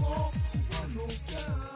Walk, run, no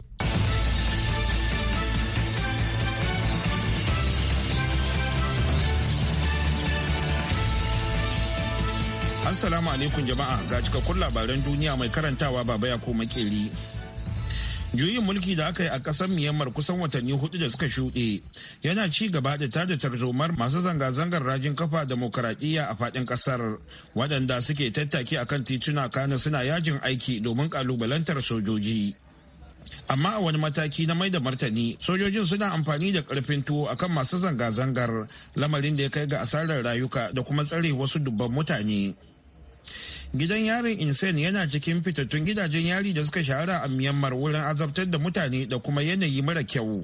Assalamu alaikum jama'a ga cikakkun labaran duniya mai karantawa baba ya ko makeri. Juyin mulki da aka yi a ƙasar Myanmar kusan watanni hudu da suka shuɗe yana ci gaba da tada tarzomar masu zanga-zangar rajin kafa demokaradiyya a faɗin ƙasar waɗanda suke tattaki akan tituna kano suna yajin aiki domin ƙalubalantar sojoji. amma a wani mataki na mai da martani sojojin suna amfani da ƙarfin tuwo akan masu zanga-zangar lamarin da ya kai ga asarar rayuka da kuma tsare wasu dubban mutane Gidan yarin insane yana cikin fitattun gidajen yari da suka shahara a Myanmar wurin azabtar da mutane da kuma yanayi mara kyau.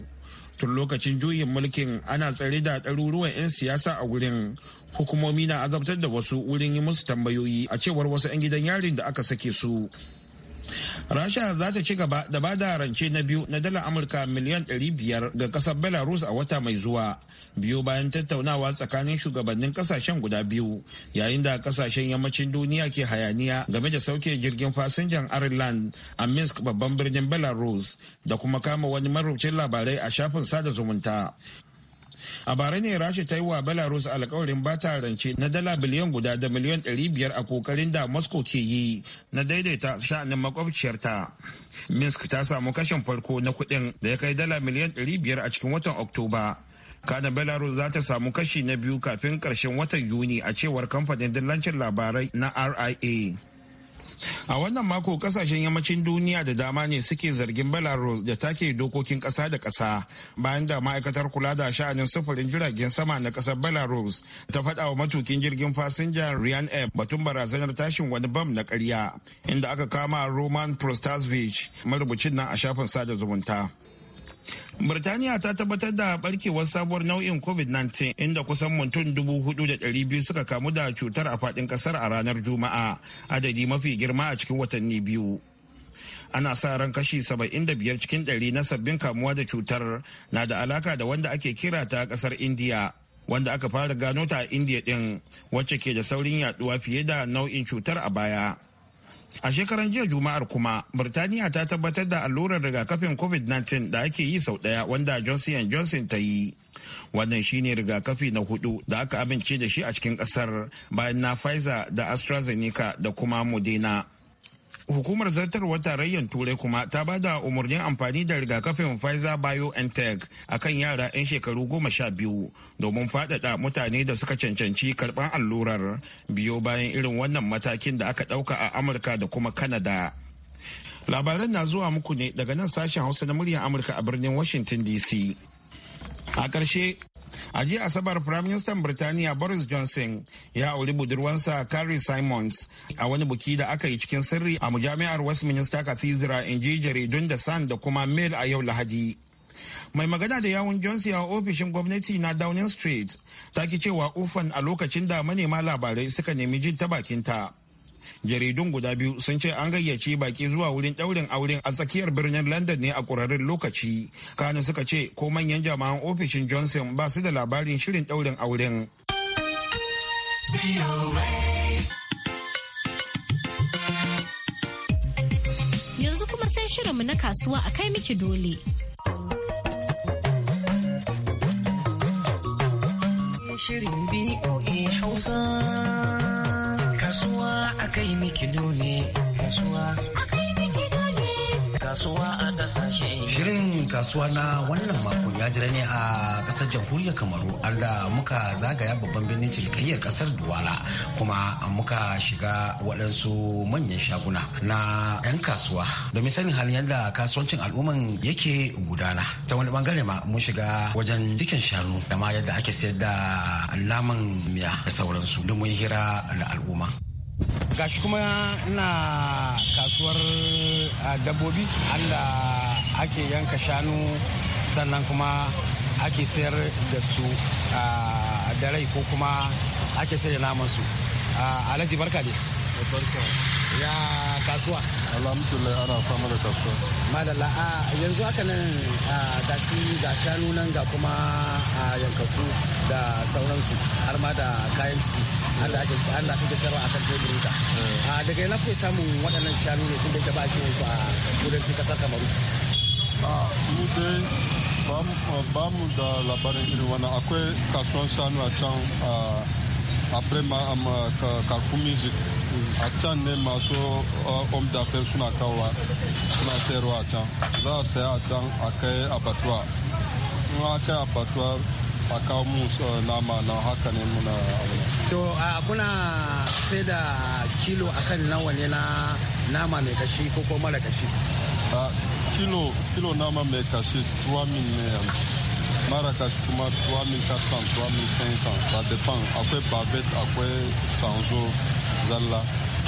Tun lokacin juyin mulkin ana tsare da ɗaruruwan 'yan siyasa a wurin. Hukumomi na azabtar da wasu wurin yi musu tambayoyi a cewar wasu 'yan gidan yarin da aka sake su. rasha za ta ci gaba da ba da rance na biyu na dalar amurka miliyan 500 ga kasar belarus a wata mai zuwa biyu bayan tattaunawa tsakanin shugabannin kasashen guda biyu yayin da kasashen yammacin duniya ke hayaniya game da sauke jirgin fasinjan ireland a minsk babban birnin belarus da kuma kama wani marubucin labarai a shafin sada zumunta a bara ne rasha ta yi wa belarus alkawarin bata rance na dala biliyan guda da miliyan 500 a kokarin da moscow ke yi na daidaita sha'anin makwabciyarta minsk ta samu kashin farko na kuɗin da ya kai dala miliyan 500 a cikin watan oktoba kana belarus za ta samu kashi na biyu kafin karshen watan yuni a cewar kamfanin dillancin labarai na ria a wannan mako kasashen yammacin duniya da dama ne suke zargin belarus da take dokokin kasa da kasa bayan da ma'aikatar kula da sha'anin sufurin jiragen sama na kasar belarus ta faɗa wa matukin jirgin fasinja ryan f batun barazanar tashin wani bam na karya inda aka kama roman prostasvich marubucin nan a shafin sada zumunta Birtaniya ta tabbatar da barkewar sabuwar nau'in COVID-19 inda kusan mutum biyu suka kamu da cutar a faɗin ƙasar a ranar Juma'a, adadi mafi girma a cikin watanni biyu. Ana sa ran kashi saba'in da biyar cikin dari na sabbin kamuwa da cutar na da alaka da wanda ake kira ta ƙasar Indiya. Wanda aka fara gano ta a Indiya din wacce ke da saurin yaduwa fiye da nau'in cutar a baya. A shekaran jiya Juma'ar kuma, Birtaniya ta tabbatar da allurar rigakafin COVID-19 da ake yi sau daya wanda Johnson Johnson ta yi. Wannan shine rigakafi na hudu da aka amince da shi a cikin kasar bayan na Pfizer da AstraZeneca da kuma Modena. Hukumar zartarwar tarayyar Turai kuma ta ba da umarnin amfani da rigakafin Pfizer BioNTech a kan yara 'yan shekaru goma sha biyu domin faɗaɗa mutane da suka cancanci karɓar allurar biyo bayan irin wannan matakin da aka ɗauka a Amurka da kuma kanada. Labaran na zuwa muku ne daga nan sashen Hausa na muryar Amurka a birnin Washington DC. A ƙarshe a jiya asabar firaministan birtaniya boris johnson ya auri budurwansa carrie simons a wani buki da aka yi cikin sirri a mujami'ar westminster cathedral in ji jaridun da san da kuma mail a yau lahadi mai magana da yawun johnson a ofishin gwamnati na downing street ta ki cewa ufan a lokacin da manema labarai suka nemi jin ta bakinta jaridun guda biyu sun ce an gayyaci baki zuwa wurin ɗaurin auren a tsakiyar birnin london ne a ƙurarin lokaci kanin suka ce ko manyan jama'an ofishin johnson ba su da labarin shirin ɗaurin auren yanzu kuma sai mu na kasuwa a kai miki dole shirin BOA Hausa. kai miki dole kasuwa kasuwa a kasashe shirin kasuwa na wannan makon ya jira ne a kasar jamhuriyar kamaru arda muka zagaya babban birnin cinikayyar kasar duwala kuma muka shiga waɗansu manyan shaguna na 'yan kasuwa domin sanin halin yadda kasuwancin al'umman yake gudana ta wani bangare ma mun shiga wajen cikin shanu da ma yadda ake sayar da naman miya da sauransu domin hira da al'umma gashi kuma na kasuwar ah, dabbobi anda ake yanka shanu sannan kuma ake sayar da su ah, da rai ko kuma ake sayar da naman su ah, alhaji barka ne ya kasuwa alhamdulillah ana fama da kasuwa madalla a yanzu haka nan ga shi ga shanu nan ga kuma yankaku da sauransu har ma da kayan ciki Allah ake Allah kake tsaro akan teburin ka eh. daga ina kuke samun waɗannan shanu ne tun da ke ba ake yanzu a kudancin kasar Kamaru a mu dai ba mu da labarin irin wannan akwai kasuwan shanu a can a Brema a Carrefour Music a can ne masu uh, om dafel suna kawowa suna sayarwa a can za a saya a can a kai a batuwa in a kai a batuwa a kawo mu uh, nama na haka ne muna to a kuna sai da kilo a akan nawa ne na nama mai kashi ko ko mara kashi kilo kilo nama mai kashi min ne mara maraka kuma min min 3500 ça dépend akwai bavet akwai sanzo zalla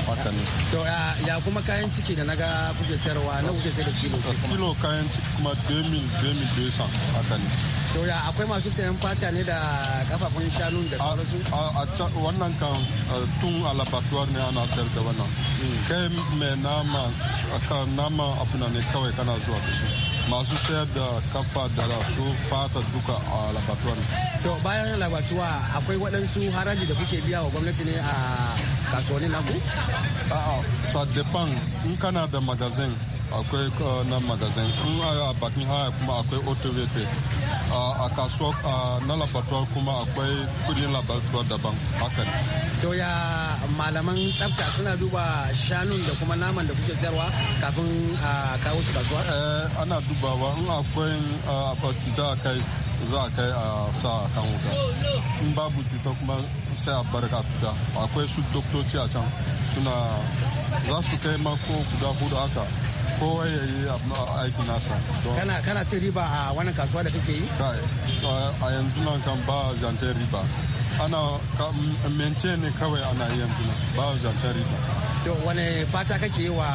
haka to ya kuma kayan ciki da naga kuke sayarwa na kuke sayar da kilo kilo kayan ciki kuma 2000 2200 haka ne to ya akwai masu sayan fata ne da kafafun shanu da sauransu a wannan kan tun alabatuwar ne ana sayar da wannan hmm. kai mai nama aka nama abuna ne kawai kana zuwa da shi masu sayar da kafa da rasu fata duka a labatuwa to bayan labatuwa akwai waɗansu haraji da kuke biya wa gwamnati ne a kasuwanni na ku? A'a, sadefan in kana da magazin akwai eh, na magazin in a bakin haya kuma akwai otorete a kasuwa na labaratuwar kuma akwai kudin labaratuwar daban haka ne. To ya malaman tsafta suna duba shanun da kuma naman da kuke sayarwa kafin a kawo su kasuwa? Eh, ana dubawa in akwai eh, abatida a kai za a kai a sa a kan wuta in babu cuta kuma sai a bar ka fita akwai su doktoci a can suna za su kai ma ko guda hudu haka kowa ya yi aiki nasa kana kana cin riba a wannan kasuwa da kake yi a yanzu nan kan ba zancen riba ana mence ne kawai ana yanzu ba zancen riba to wane fata kake yi wa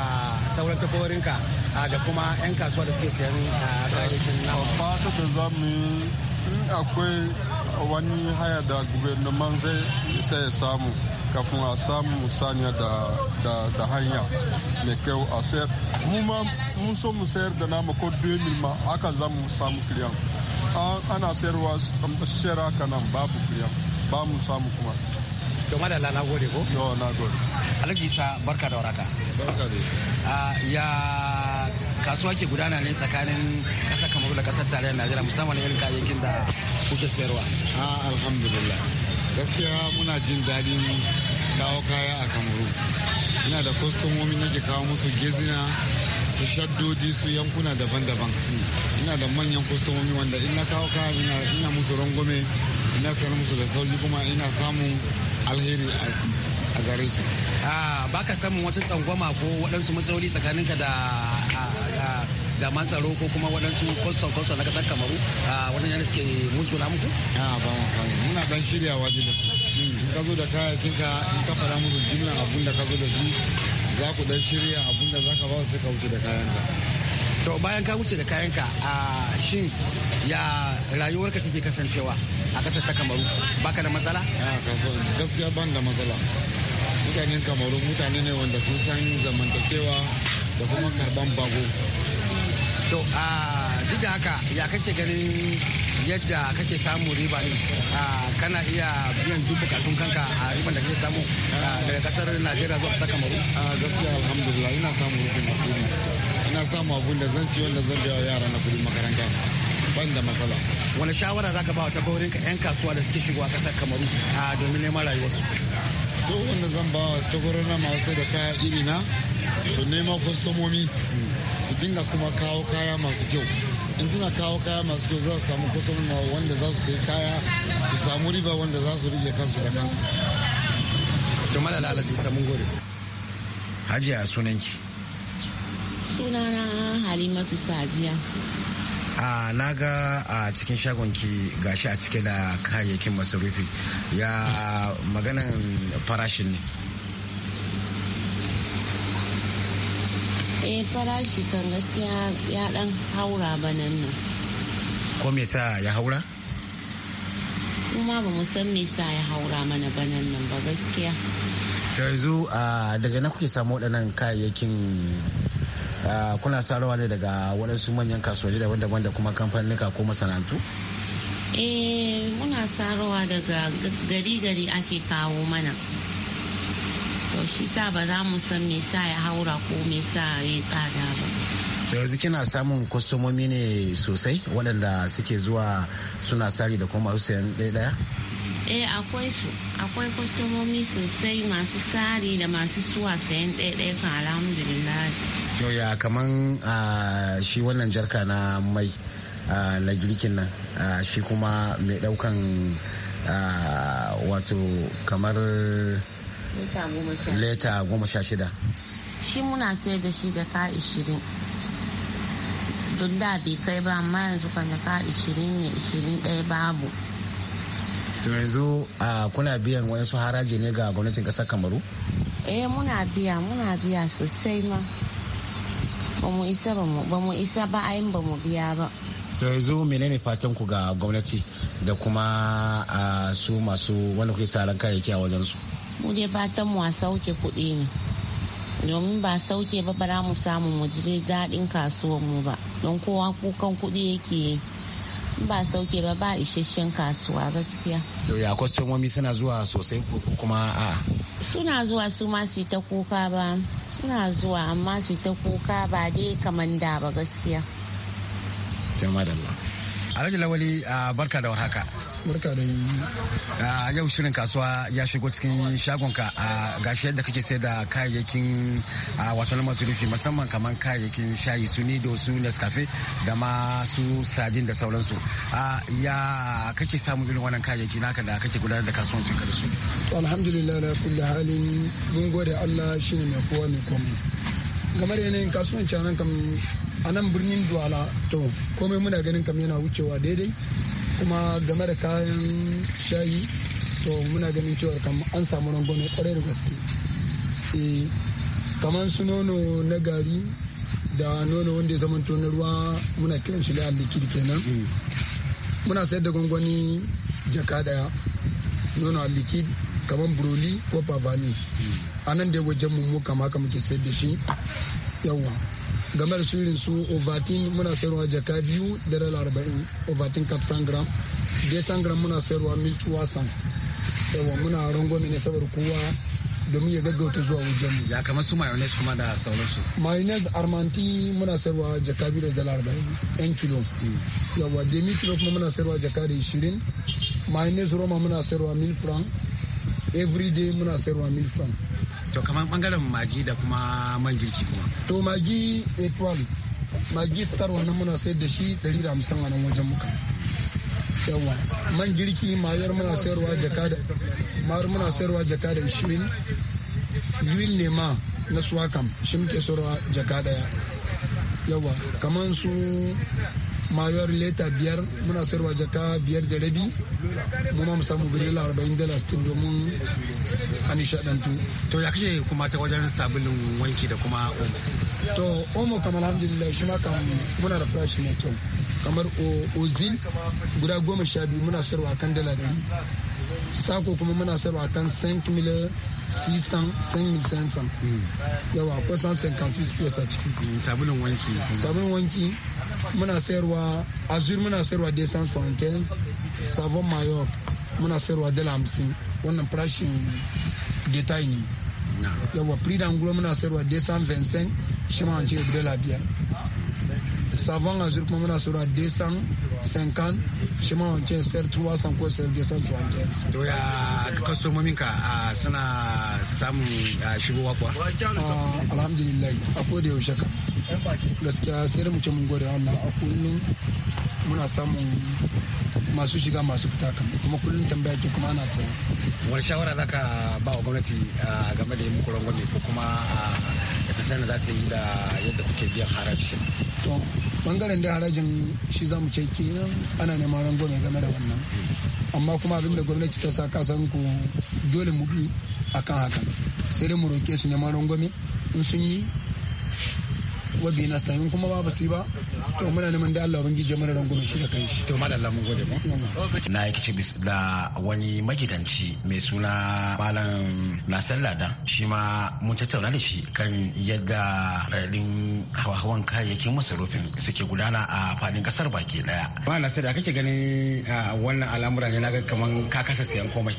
sauran takwarorinka da kuma 'yan kasuwa da suke a kayayyakin na fata da za mu yi akwai wani haya da gubernaman isa ya samu kafin a samu saniya da hanya mai kyau a sayar mu ma mun so mu sayar da nama ko 2000 ma aka za mu samu kiliyan ana sayarwa shera kanan babu kiliyan ba mu samu kuma to da na gode ko yo na gode alhaji isa barka da waraka barka da ah, ya kasuwa ke gudana ne tsakanin kasar kamaru da kasar tarayyar najeriya musamman irin kayayyakin da kuke sayarwa ah alhamdulillah gaskiya muna jin daɗin kawo kaya a kamaru ina da kwastomomi nake kawo musu gezina su shaddodi su yankuna daban-daban ina da manyan kwastomomi wanda ina kawo kaya ina musu rangwame ina sanar musu da sauki kuma ina samun alheri a gare su. ba ka samun wata tsangwama ko waɗansu matsaloli tsakaninka da jaman tsaro ko kuma waɗansu kwastan kwastan na ƙasar kamaru waɗanda yana suke musu na muku? a ba mu samu muna dan waje da su in ka zo da kayayyakin ka in ka fara musu jimla abun da ka zo da shi za ku dan shirya abun da za ka ba su sai ka wuce da kayan ka. to bayan ka wuce da kayanka a shin ya rayuwarka take kasancewa a kasar ta kamaru baka da matsala gaskiya ban da matsala mutanen kamaru mutane ne wanda sun san zamantakewa da kuma karban bago to a duk da haka ya kake ganin yadda kake samu riba ne kana iya biyan duk bukatun kanka a riban da kake samu daga kasar najeriya zuwa kasar kamaru gaskiya alhamdulillah ina samu rufin asiri samu abun da zan ci wanda zan biya yara na kudin makaranta ban da matsala wani shawara zaka ba ta baurin ka yan kasuwa da suke shigowa kasar kamaru a domin neman rayuwarsu to wanda zan ba wa ta na masu da kaya iri na su nema kwastomomi su dinga kuma kawo kaya masu kyau in suna kawo kaya masu kyau za su samu kwastomomi wanda za su sayi kaya su samu riba wanda za su rike kansu da kansu. Tumala lalabi samun gore. Hajiya sunanki. sunana halimatu sadiya a na ga a cikin shagonki gashi a cike da kayayyakin masarufi ya maganan farashin ne eh farashi kan gaskiya ya dan haura banan nan ko me sa ya haura kuma ba san me sa ya haura mana banan nan ba gaskiya yanzu daga na kuke samu waɗannan kayayyakin Eh, kuna sarawa ne daga waɗansu manyan kasuwanni daban-daban da kuma kamfanika ko masana'antu? eh muna sarawa daga gari-gari ake kawo mana to shi sa ba za mu san me sa ya haura ko me sa ya tsada ba to yanzu kina samun kwastomomi ne sosai waɗanda suke zuwa suna sari da kuma sayan ɗaya ɗaya eh akwai su akwai kwastomomi sosai masu sari da masu suwa sayan ɗaya ɗaya kan alhamdulillah ya kaman ah, shi wannan jarka na mai ah, na girkin nan ah, shi kuma mai daukan wato kamar leta goma sha shida shi muna sai da shi jaka ishirin don da bai kai ba amma yanzu kan jaka ishirin ne ishirin ɗaya babu to yanzu kuna biyan wani su haraji ne ga gwamnatin ƙasar kamaru eh muna biya muna biya sosai ma ba isa ba mu isa ba ayin ba mu biya ba to yanzu menene fatan ku ga gwamnati da kuma su masu wani kai saran kayayyaki a wajen su mu dai fatan mu a sauke kuɗi ne domin ba sauke ba bara mu samu mu ji daɗin kasuwar mu ba don kowa kukan kuɗi yake ba sauke ba ba isasshen kasuwa gaskiya to ya kwastomomi suna zuwa sosai kuma a'a suna zuwa su ma ta kuka ba suna zuwa amma su ta kuka ba dai kamar da ba gaskiya. Jama'a da Allah. rajin Lawali ah, barka da warhaka. barka da a yau shirin kasuwa ya shigo cikin shagonka a gashi yadda kake sai da kayayyakin wasu na rufi musamman kamar kayayyakin shayi su da su nescafe da ma su sajin da sauransu ya kake samun irin wannan kayayyaki naka da kake gudanar da kasuwancin ka da su alhamdulillah na kulli halin mun gode Allah shine mai kowa mai komai game da yanayin kasuwan canan nan kam a nan birnin duwala to komai muna ganin kam yana wucewa daidai kuma game da kayan shayi to muna ganin cewar kamar an samu rangwame kwarai da gaske eh, kamar su nono na gari da nono wanda ya zama na ruwa muna kiran shi da kenan mm. muna sayar da gwangwani jaka daya nono likid kamar buroli ko pavani mm. a nan da wajen mu kama muke sayar da shi yawa gamar shirin su ovatin muna sayarwa jaka biyu da dala arba'in ovatin kat sangram dai sangram muna sayarwa milki wasan yawa muna rangwame ne saboda kowa domin ya gaggauta zuwa wajen ya kama su mayonnaise kuma da sauransu mayonnaise armanti muna sayarwa jaka biyu da dala arba'in yan kilo hmm. yawa demi kilo kuma muna sayarwa jaka da shirin mayonnaise roma muna sayarwa mil franc everyday muna sayarwa mil franc to kamar bangaren magi da kuma man girki kuma to magi etual eh, magi star wannan muna sayar da shi da a nan wajen muka yawa man girki mayar muna sayarwa jaka da mayar muna sayarwa jaka da shimin yuil ne ma na suwakam shi muke sayarwa jaka daya yawa kamar su mayor leta biyar muna sayarwa jaka biyar da rabi mu ma mu samu birela arba'in dala sittin domin a nishadantu to ya kashe kuma ta wajen sabulin wanki da kuma omo to omo kamar alhamdulillah shi ma kam muna da farashi mai kyau kamar ozil guda goma sha biyu muna sayarwa kan dala dari sako kuma muna sayarwa kan sisan 5 million 600 yawa akwai 156 pièces a ciki hmm, sabulin wanki sabulin wanki muna sayarwa azur muna sayarwa desan fountains savon mayor muna sayarwa dala hamsin wannan farashin detail ne yawa prix angulo muna sayarwa desan vincent shi ma ce dala biyar savon azur kuma muna sayarwa desan 50 shi ma wancan sayar 300 ko sayar 200 to ya kwastomomin ka suna samun shigowa kuwa ah, alhamdulillah a koda yaushe ka gaskiya sai da mu ce mun gode Allah a kullum muna samun masu shiga masu fita kan kuma kullum tambaya ke kuma ana sayi wani shawara za ka ba wa gwamnati game da yin kuran gwamnati ko kuma a kasashen da za ta yi da yadda kuke biyan haraji to bangaren da harajin shi zamu ce kenan ana neman rangwame game da wannan amma kuma abinda gwamnati ta sa kasan ku dole mu bi akan hakan sai dai mu roke su neman rangwame in sun yi wa bi na stamin kuma ba su ba to muna neman da Allah ubangiji mana rangume shi da kai shi to madalla mun gode mu na yi kici da wani magidanci mai suna malam Nasir Ladan shi ma mun tattauna da shi kan yadda radin hawa-hawan kayayyakin masarufin suke gudana a fadin kasar baki daya ba Nasir da kake ganin wannan al'amura ne na ga kaman ka kasa siyan komai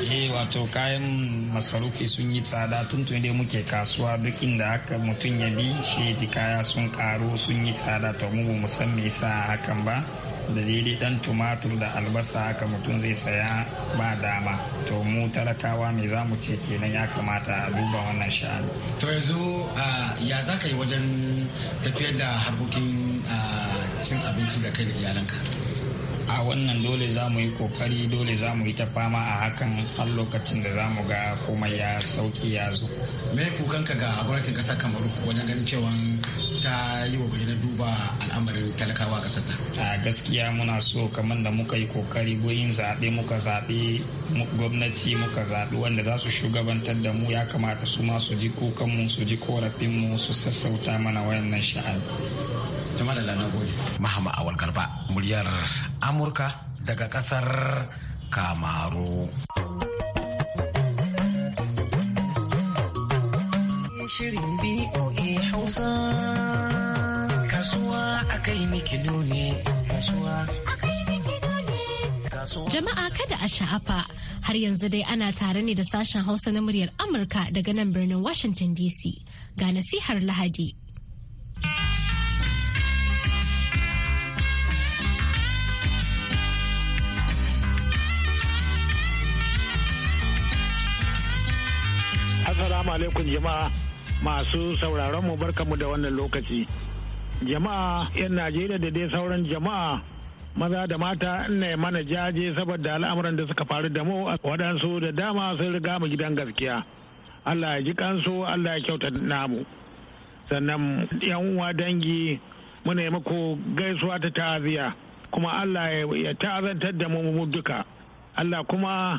eh wato kayan masarufi sun yi tsada tun tun da muke kasuwa duk inda aka mutum ya bi shi ji kaya sun karu sun yi tsada to mu mu san me yasa hakan ba da daidai dan tumatur da albasa haka mutum zai saya ba dama to mu talakawa me za mu ce kenan ya kamata a duba wannan shanu. to yanzu ya za ka yi wajen tafiyar da harkokin cin abinci da kai da iyalanka a wannan dole za mu yi kokari dole za mu yi ta fama a hakan har lokacin da za mu ga komai ya sauki ya zo me kukanka ga gwamnatin kasa kamaru wajen ganin cewa ta yi wa na duba al'amarin talakawa kasar ta a gaskiya muna so kamar da muka yi kokari goyin zaɓe muka zaɓe gwamnati muka zaɓi wanda za su shugabantar da mu ya kamata su ma su ji kukanmu su ji korafinmu su sassauta mana wayannan sha'ani Jama'a da na gode. Mahama Awal Garba, muryar Amurka daga kasar Kamaru. Shirin BOA Hausa Kasuwa ne Jama'a kada a sha'afa har yanzu dai ana tare ne da sashen Hausa na muryar Amurka daga nan birnin Washington DC ga nasihar Lahadi. Assalamu alaikum jama'a masu sauraron mu barkamu da wannan lokaci. Jama'a 'yan Najeriya da dai sauran jama'a maza da mata ina mana jaje saboda al'amuran da suka faru da mu waɗansu da dama sun riga mu gidan gaskiya. Allah ya ji kansu Allah ya kyauta namu. Sannan 'yan uwa dangi muna yi muku gaisuwa ta ta'aziya kuma Allah ya ta'azantar da mu duka. Allah kuma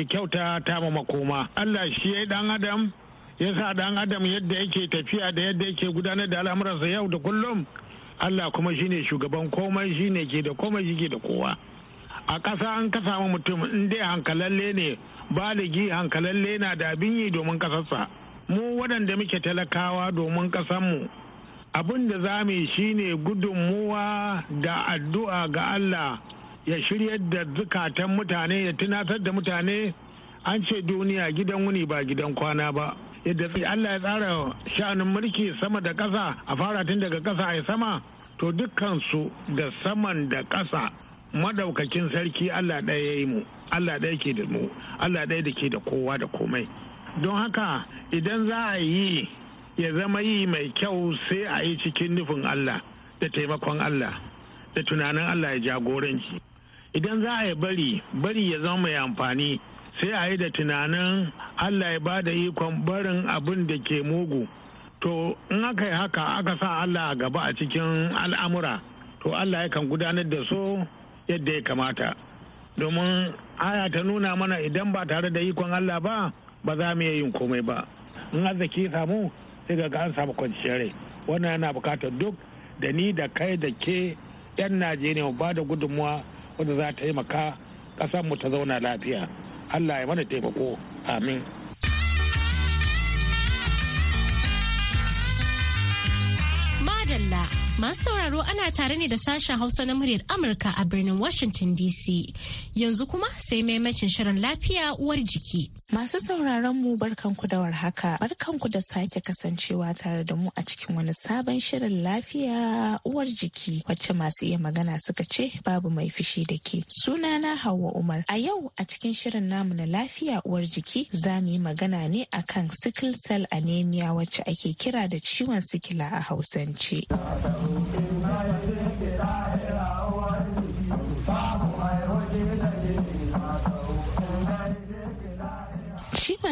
ya kyauta ta mu makoma. Allah shi ya yi ɗan adam ya sa ɗan adam yadda yake tafiya da yadda yake gudanar da al'amuransa yau da kullum Allah kuma shine shugaban komai shine ke da komai shi da kowa a ƙasa an ka samu mutum in dai hankalalle ne baligi hankalalle na da abin yi domin ƙasarsa mu waɗanda muke talakawa domin ƙasarmu abin da za mu yi shine gudunmuwa da addu'a ga Allah ya shirya da zukatan mutane ya tunatar da mutane an ce duniya gidan wuni ba gidan kwana ba yadda Allah ya tsara sha'anin mulki sama da ƙasa a fara tun daga ƙasa a sama to dukkansu da saman da ƙasa madaukakin sarki Allah ɗaya ya yi mu Allah ɗaya ke da mu Allah ɗaya da ke da kowa da komai don haka idan za a yi ya zama yi mai kyau sai a yi cikin nufin Allah da taimakon Allah da tunanin Allah ya jagoranci idan za a yi bari bari ya zama mai amfani sai a yi da tunanin allah ya ba da ikon barin abin da ke mugu to in aka yi haka aka sa allah a gaba a cikin al'amura to allah ya kan gudanar da so yadda ya kamata domin aya ta nuna mana idan ba tare da ikon allah ba ba za mu yin komai ba in arziki samu sai ga an samu kwanciyar rai wannan yana bukatar duk da ni da kai da ke 'yan najeriya ba da gudunmuwa wanda za ta taimaka ƙasar mu ta zauna lafiya Allah ya mana taimako amin madalla masu sauraro ana tare ne da sashen hausa na muryar amurka a birnin washington dc yanzu kuma sai maimacin shirin lafiya uwar jiki masu sauraron mu barkanku da warhaka barkanku da sake kasancewa tare da mu a cikin wani sabon shirin lafiya uwar jiki wacce masu iya magana suka ce babu mai fishi da ke sunana Hauwa umar a yau a cikin shirin namu na lafiya uwar jiki za mu yi magana ne akan sickle cell anemia wacce ake kira da ciwon sikila a hausance shi.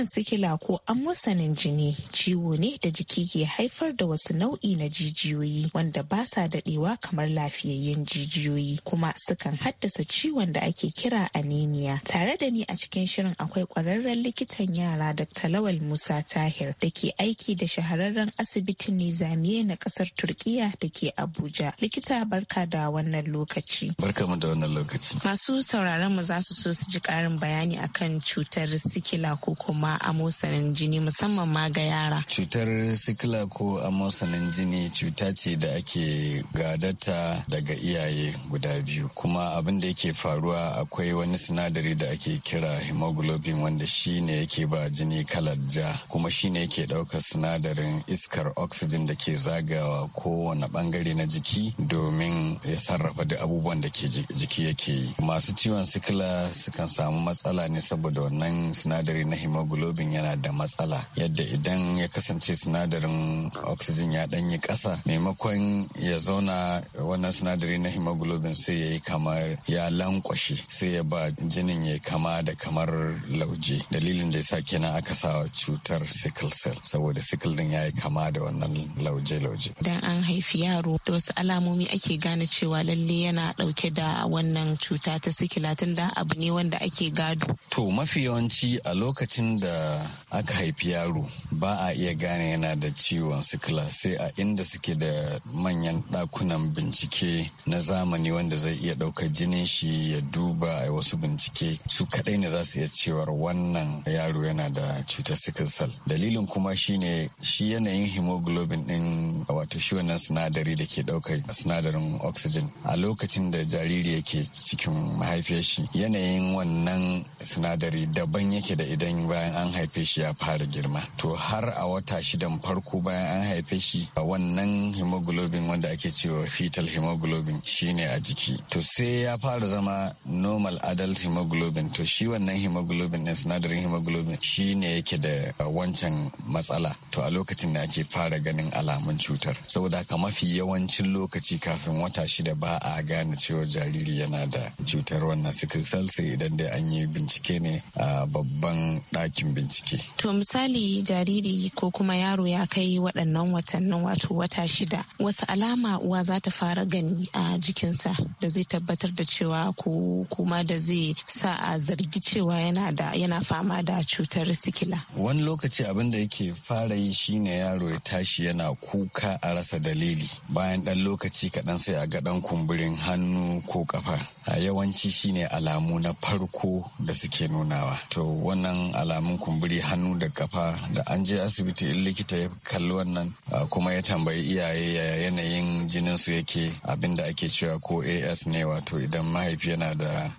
ciwon sikila ko amusanin jini ciwo ne da jiki ke haifar da wasu nau'i na jijiyoyi wanda ba sa daɗewa kamar lafiyayyen jijiyoyi kuma sukan haddasa ciwon da ake kira anemia. Tare da ni a cikin shirin akwai kwararren likitan yara da Talawal Musa Tahir da ke aiki da shahararren asibitin Nizamiye na ƙasar Turkiya da ke Abuja. Likita barka da wannan lokaci. Barka mu da wannan lokaci. Masu sauraron mu za su so su ji ƙarin bayani akan cutar sikila ko kuma a amosanin jini musamman ma ga yara. Cutar sikila ko amosanin jini cuta ce da ake gadata daga iyaye guda biyu kuma abin da yake faruwa akwai wani sinadari da ake kira hemoglobin wanda shi ne yake ba jini kalar ja kuma shi ne yake ɗaukar sinadarin iskar oxygen da ke zagawa kowane bangare na jiki domin ya sarrafa da abubuwan da ke jiki yake yi. Masu ciwon sikila sukan samu matsala ne saboda wannan sinadari na hemoglobin hemoglobin yana da matsala yadda idan ya kasance sinadarin oxygen ya danyi kasa maimakon ya zauna wannan sinadari na hemoglobin sai ya yi kamar ya lankwashe sai ya ba jinin ya kama da kamar lauje dalilin da yasa kenan aka sa cutar sickle cell saboda sickle din ya yi kama da wannan lauje-lauje dan an haifi yaro da wasu alamomi ake gane cewa lalle yana dauke da wannan cuta ta sikila tun da abu ne wanda ake gado to mafi yawanci a lokacin da aka haifi yaro ba a iya gane yana da ciwon sikila sai a inda suke da manyan ɗakunan bincike na zamani wanda zai iya ɗaukar jinin shi ya duba a wasu bincike su kaɗai ne za su iya cewar wannan yaro yana da cutar sickle dalilin kuma shine shi yanayin hemoglobin ɗin wato shi wannan sinadari da ke ɗaukar sinadarin oxygen a lokacin da jariri yake cikin mahaifiyar shi yanayin wannan sinadari daban yake da idan bayan bayan an haife shi ya fara girma to har a wata shidan farko bayan an haife shi a wannan hemoglobin wanda ake cewa fetal hemoglobin shine a jiki to sai ya fara zama normal adult hemoglobin to shi wannan hemoglobin ne sinadarin hemoglobin shine yake da uh, wancan matsala to a lokacin da ake fara ganin alamun cutar saboda haka mafi yawancin lokaci kafin wata shida ba a gane cewa jariri yana da cutar wannan sickle cell sai idan dai an yi bincike ne a uh, babban ɗakin cikin bincike. To misali jariri ko kuma yaro ya kai waɗannan watannin wato wata shida wasu alama uwa za ta fara gani a jikinsa da zai tabbatar da cewa ko kuma da zai sa a zargi cewa yana da yana fama da cutar sikila. Wani lokaci abin da yake fara yi shine yaro ya tashi yana kuka a rasa dalili bayan ɗan lokaci kaɗan sai a ga kumburin hannu ko kafa. A yawanci shine alamu na farko da suke nunawa. To wannan alamu mun kumburi hannu da kafa da an je asibiti in likita ya kalli wannan kuma ya tambayi iyaye ya yanayin jinin su yake abin da ake cewa ko as ne wato idan mahaifi yana da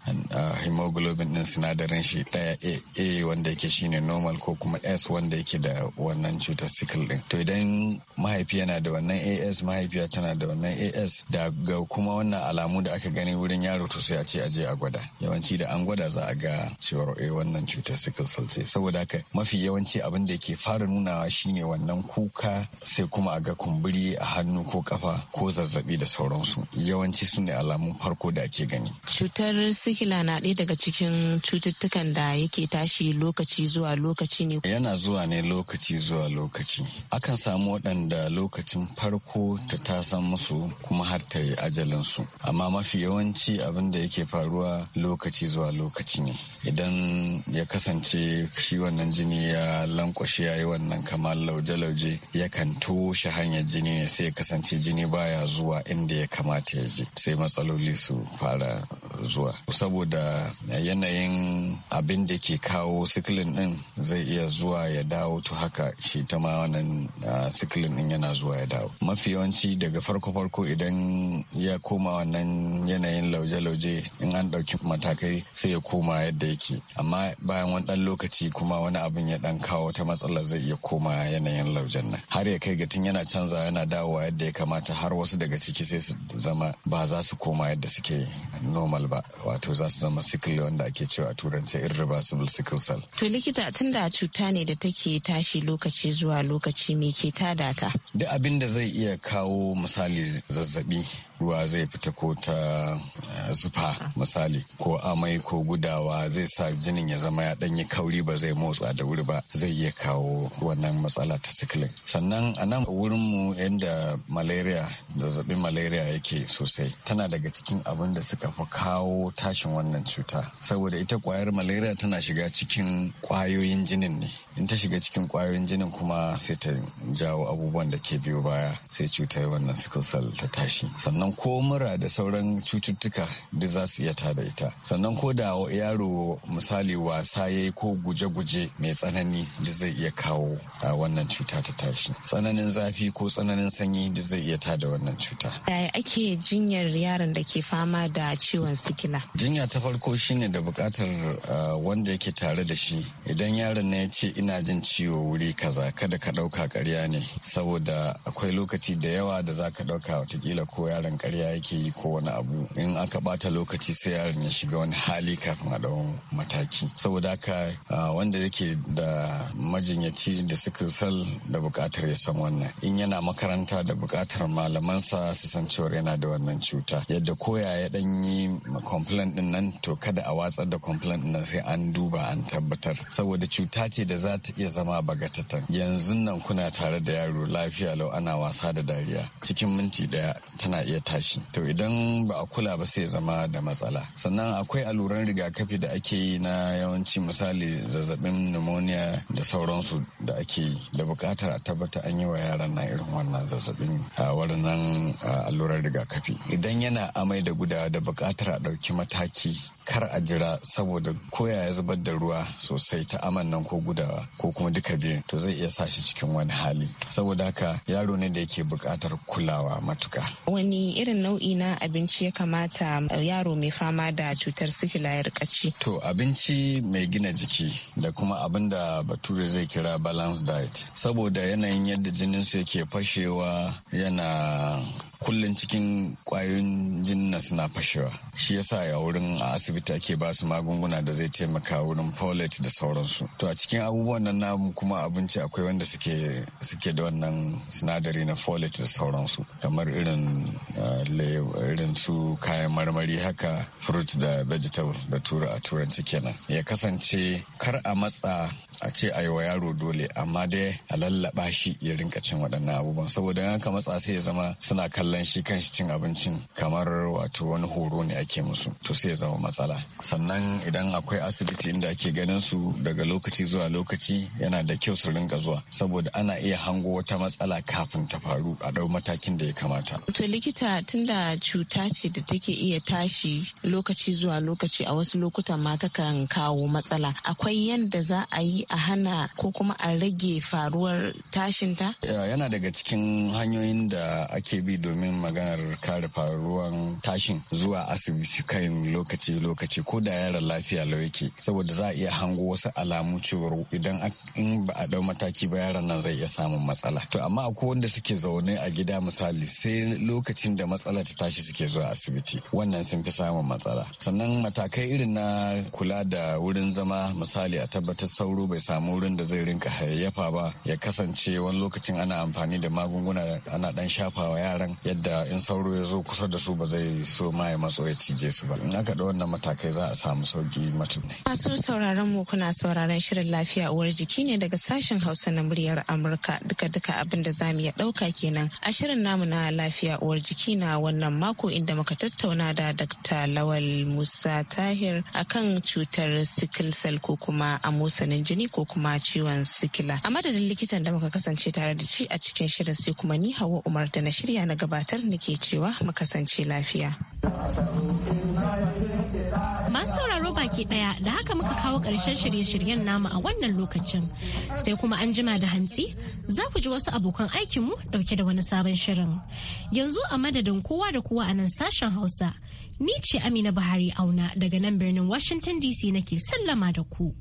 hemoglobin din sinadarin shi daya a wanda yake shine normal ko kuma s wanda yake da wannan cutar sickle din to idan mahaifi yana da wannan as mahaifiya tana da wannan as da kuma wannan alamu da aka gani wurin yaro to sai a ce a je a gwada yawanci da an gwada za a ga cewar eh, wannan cutar sickle cell ce saboda haka mafi yawanci abin da ke fara nunawa shine wannan kuka sai kuma a ga kumburi a hannu ko kafa ko zazzabi da sauransu yawanci su ne alamun farko da ake gani cutar sikila na ɗaya daga cikin cututtukan da yake tashi lokaci zuwa lokaci ne yana zuwa ne lokaci zuwa lokaci akan samu waɗanda lokacin farko ta tasan musu kuma har ta yi su amma mafi yawanci abin da yake faruwa lokaci zuwa lokaci ne idan ya kasance shi wannan jini ya lankwashe ya yi wannan kamar lauje-lauje yakan toshe hanyar jini ne sai ya kasance jini baya zuwa inda ya kamata ya je sai matsaloli su fara zuwa saboda yanayin abin da ke kawo siklin din zai iya zuwa ya dawo to haka shi ta ma wannan siklin din yana zuwa ya dawo mafi yawanci daga farko-farko idan ya koma wannan yanayin lauje-lauje in an ɗauki matakai sai ya koma yadda yake amma bayan wani ɗan lokaci kuma wani abin ya dan kawo ta matsalar zai iya koma yanayin laujen nan har ya kai ga tun yana canza yana dawowa yadda ya kamata har wasu daga ciki sai su zama ba za su koma yadda suke normal ba wato za su zama sickle wanda ake cewa a turance irreversible sickle cell to likita tunda cuta ne da take tashi lokaci zuwa lokaci me ke tada ta duk abin da zai iya kawo misali zazzabi ruwa zai fita ko ta eh, zufa misali ko amai ko gudawa zai sa jinin ya zama ya danyi kauri ba zai motsa da wuri ba zai iya kawo wannan matsala ta sikilin sannan a nan wurin mu yadda malaria zazzabin malaria yake sosai tana daga cikin abin da suka fi kawo tashin wannan cuta saboda ita kwayar malaria tana shiga cikin kwayoyin jinin ne in ta shiga cikin kwayoyin jinin kuma sai ta jawo abubuwan da ke biyo baya sai cutar wannan sickle cell ta tashi sannan ko mura da sauran cututtuka da za su iya tada ita sannan ko da yaro misali wasa ya ko guje-guje mai tsanani da zai iya kawo a wannan cuta ta tashi tsananin zafi ko tsananin sanyi da zai iya tada wannan cuta yaya ake jinyar yaron da ke fama da ciwon sikila jinya ta farko shine da bukatar wanda yake tare da shi idan yaron na ya ce ina jin ciwo wuri kaza kada ka dauka karya ne saboda akwai lokaci da yawa da za ka dauka watakila ko yaron karya yake yi ko wani abu in aka bata lokaci sai yaron ya shiga wani hali kafin a ɗau mataki saboda haka wanda yake da majinyaci da suka sal da buƙatar ya san wannan in yana makaranta da buƙatar malamansa su san cewa yana da wannan cuta yadda koya ya ɗan yi complaint din nan to kada a watsar da complaint din nan sai an duba an tabbatar saboda cuta ce da za ta iya zama bagatatan yanzu nan kuna tare da yaro lafiya lau ana wasa da dariya cikin minti ɗaya tana iya tashi to idan ba a kula ba sai zama da matsala sannan akwai alluran rigakafi da ake yi na yawanci misali zazzabin pneumonia da sauransu da ake yi da bukatar a tabbata an yi wa yaran na irin wannan zazzabin a waɗannan alluran rigakafi idan yana amai da gudawa da bukatar a ɗauki mataki kar a jira saboda koya ya zubar da ruwa sosai ta aman nan ko gudawa ko kuma duka biyun to zai iya sa shi cikin wani hali saboda haka yaro ne da yake buƙatar kulawa matuka. Wani irin nau'i na abinci ya kamata yaro mai fama da cutar sikila ya rika ci? To abinci mai gina jiki da kuma abin da bature zai kira balance diet saboda yanayin yadda jinin su yake fashewa yana kullum cikin kwayoyin jinna suna fashewa shi yasa ya wurin a asibiti ake ba su magunguna da zai taimaka wurin folate da sauransu to a cikin abubuwan nan namu kuma abinci akwai wanda suke suke da wannan sinadari na folate da sauransu kamar irin eh, irin su kayan marmari haka fruit da vegetable da tura a turanci kenan ya kasance kar a matsa a ce a yi wa yaro dole amma dai a lallaba shi ya rinka cin waɗannan abubuwan saboda haka matsa sai ya zama suna kallon shi kan shi cin abincin kamar wato wani horo ne ake musu to sai ya zama matsala sannan idan akwai asibiti inda ake ganin su daga lokaci zuwa lokaci yana da kyau su rinka zuwa saboda ana iya hango wata matsala kafin ta faru a dau matakin da ya kamata. To likita tunda cuta ce da take iya tashi lokaci zuwa lokaci a wasu lokutan ma takan kawo matsala akwai yadda za a yi a hana ko kuma a rage faruwar tashinta? Yana daga cikin hanyoyin da ake bi domin maganar kare faruwan tashin zuwa asibiti kayan lokaci-lokaci ko da yaran lafiya lau yake saboda za a iya hango wasu alamu cewar idan in ba a dau mataki ba yaran nan zai iya samun matsala. To amma akwai wanda suke zaune a gida misali sai lokacin da matsala ta tashi suke zuwa asibiti wannan sun fi samun matsala. Sannan matakai irin na kula da wurin zama misali a tabbatar sauro bai samu wurin da zai rinka hayayyafa ba ya kasance wani lokacin ana amfani da magunguna ana dan shafawa yaran yadda in sauro ya zo kusa da su ba zai so ma ya matso ya cije su ba in aka da wannan matakai za a samu sauki ne masu sauraron mu kuna sauraron shirin lafiya uwar jiki ne daga sashen hausa na muryar amurka duka duka abin da zamu iya ɗauka kenan a shirin namu na lafiya uwar jiki na wannan mako inda muka tattauna da dr lawal musa tahir akan cutar sickle cell ko kuma amosanin jini ko kuma ciwon sikila. A madadin likitan da muka kasance tare da shi a cikin shirin sai kuma ni Hawa Umar da na shirya na gabatar nake cewa mu kasance lafiya. Masu sauraro baki ɗaya da haka muka kawo ƙarshen shirye-shiryen namu a wannan lokacin. Sai kuma an jima da hantsi za ku ji wasu abokan aikinmu ɗauke da wani sabon shirin. Yanzu a madadin kowa da kowa a nan sashen Hausa. Ni ce Amina Buhari Auna daga nan birnin Washington DC nake sallama da ku.